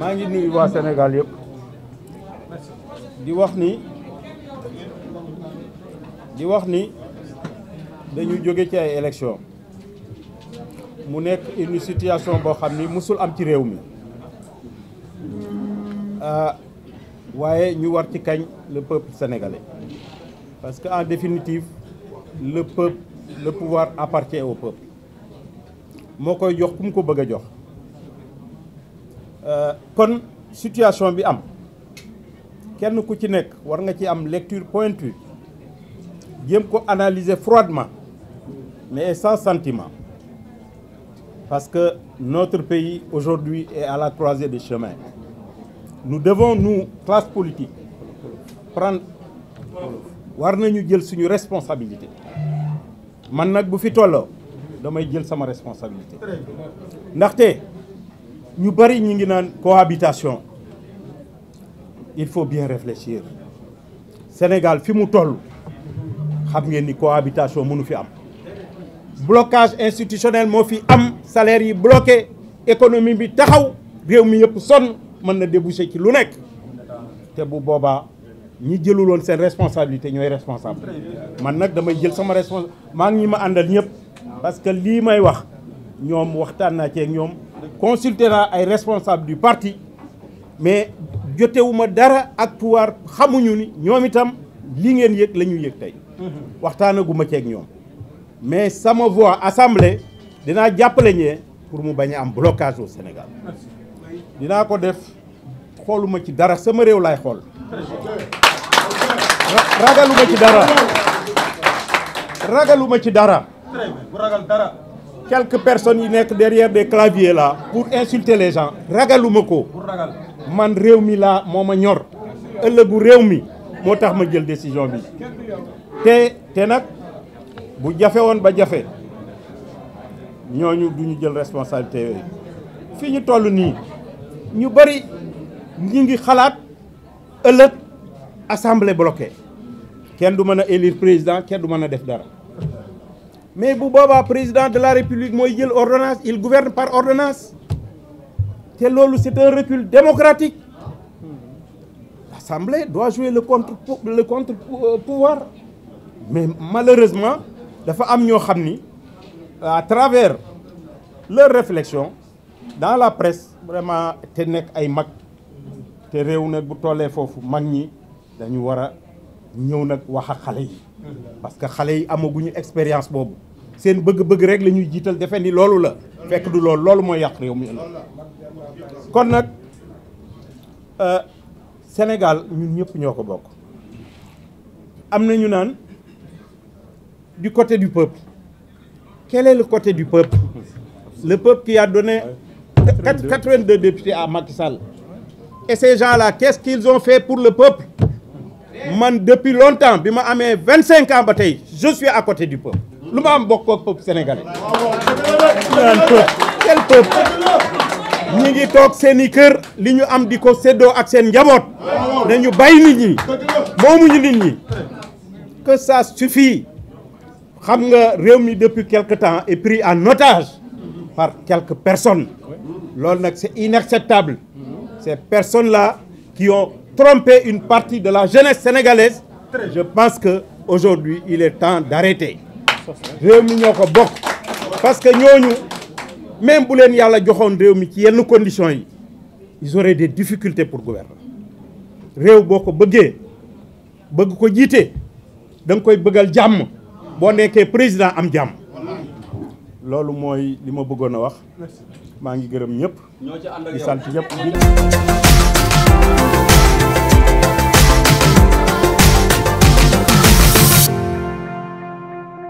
maa ngi nuyu waa Sénégal yëpp di wax ni di wax ni dañu jóge ci ay élection mu nekk une situation boo xam ni musul am ci réew mi ah, waaye ñu war ci kañ le peuple parce que en définitive le peuple le pouvoir appartient au moo koy jox ku mu ko bëgg a jox Euh, kon situation bi am kenn ku ci nekk war nga ci am lecture pointue jéem ko analyser froidement mais sans sentiment parce que notre pays aujourd'hui est à la croisée des chemins nous devons nu classe politique prendre war nañu jël suñu responsabilité man nag bu fi tolloo damay jël sama responsabilité ndaxte ñu bari ñu ngi naan cohabitation il faut bien réfléchir Sénégal fi mu toll xam ngeen ni cohabitation mënu fi am blocage institutionnel moo fi am salaire yi bloqué économie bi taxaw réew mi yëpp sonn mën na déboucher ci lu nekk te bu boobaa ñi jëlul woon seen responsabilité ñooy responsable man nag damay jël sama responsabilité maa ngi ñi ma àndal ñëpp parce que lii may wax ñoom waxtaan naa ci ñoom consulté naa ay responsable du parti mais jotewuma dara ak pouvoir xamuñu ni ñoom itam li ngeen yëg la ñu yëg tey mhm. waxtaanaguma ceeg ñoom mais sama voix assemblée dinaa jàppale ñee pour mu bañ a am blocage au Sénégal dinaa ko def xooluma ci dara sama réew laay xool ragaluma ci dara ragaluma ci dara quelques personnes yi nekk derrière des claviers la pour insulter les gens ragaluma ko man réew mi la moo ma ñor ëllëgu réew mi moo tax ma jël décision bi te te nag bu jafe woon ba jafe ñooñu duñu jël responsabilité yooyu fii ñu toll nii ñu bari ñu ngi xalaat ëllëg assemblée bloquée kenn du mën a élire président kenn du mën a def dara mais bu boobaa président de la république mooy jël ordonnance il gouverne par ordonnance te loolu c'est un recul démocratique l'assemblée doit jouer le contre le contre pouvoir mais malheureusement dafa am ñoo xam ni à travers leur réflexion dans la presse vraiment te nekk ay mag te réew nag bu tollee foofu mag ñi dañu war a ñëw nag wax ak xale yi parce que xale yi amaguñu expérience boobu seen bëgg-bëgg rek la ñuy jiital defe ni loolu la fekk du loolu loolu mooy yàq réew mi ëllëg kon nag euh, Sénégal ñun ñëpp ñoo ko bokk am na ñu naan du côté du peuple quel est le côté du peuple le peuple qui a donné 82 députés à Macky Sall et ces gens la qu'est-ce qu'ils ont fait pour le peuple man depuis longtemps bi ma amee vingt cinq ans ba tey je suis à côté du peuple lu ma am bokk ak peuple sénégalais naan peuple quel peuple ñi ngi toog seen i kër li ñu am di ko séddoo ak seen njaboot nañu bàyyi nit ñi moomuñu nit ñi que ça suffit xam nga réew mi depuis quelque temps et pris en otage par quelques personne loolu nag c'est inacceptable ces personnes là qui ont trompé une partie de la jeunesse sénégalaise je pense que aujourd'hui il est temps d'arrêter réew mi ñoo ko bokk parce que ñooñu même bu leen yàlla joxoon réew mi ci yenn conditions yi ils auraient des difficultés pour gouverner réew boo ko bëggee bëgg ko jiite da nga koy bëggal jàmm boo nekkee président am jàmm loolu mooy li ma bëggoon a wax maa ngi gërëm ñëpp di sant ñëpp